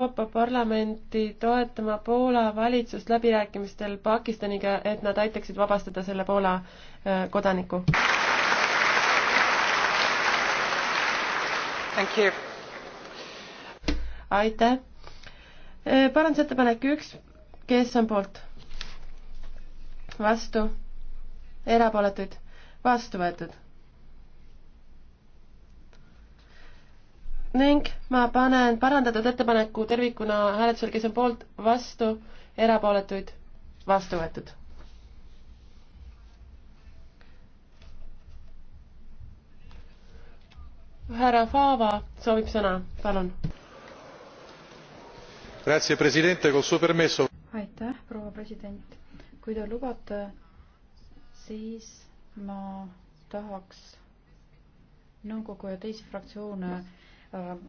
Euroopa Parlamenti toetama Poola valitsust läbirääkimistel Pakistaniga, et nad aitaksid vabastada selle Poola äh, kodaniku. aitäh. Äh, parandusettepanek üks, kes on poolt? vastu? erapooletuid? vastu võetud? ning ma panen parandatud ettepaneku tervikuna hääletusel, kes on poolt, vastu, erapooletuid, vastu võetud. härra Fava soovib sõna, palun. aitäh, proua president. kui te lubate, siis ma tahaks nõukogu ja teisi fraktsioone äh,